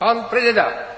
Pan Preda.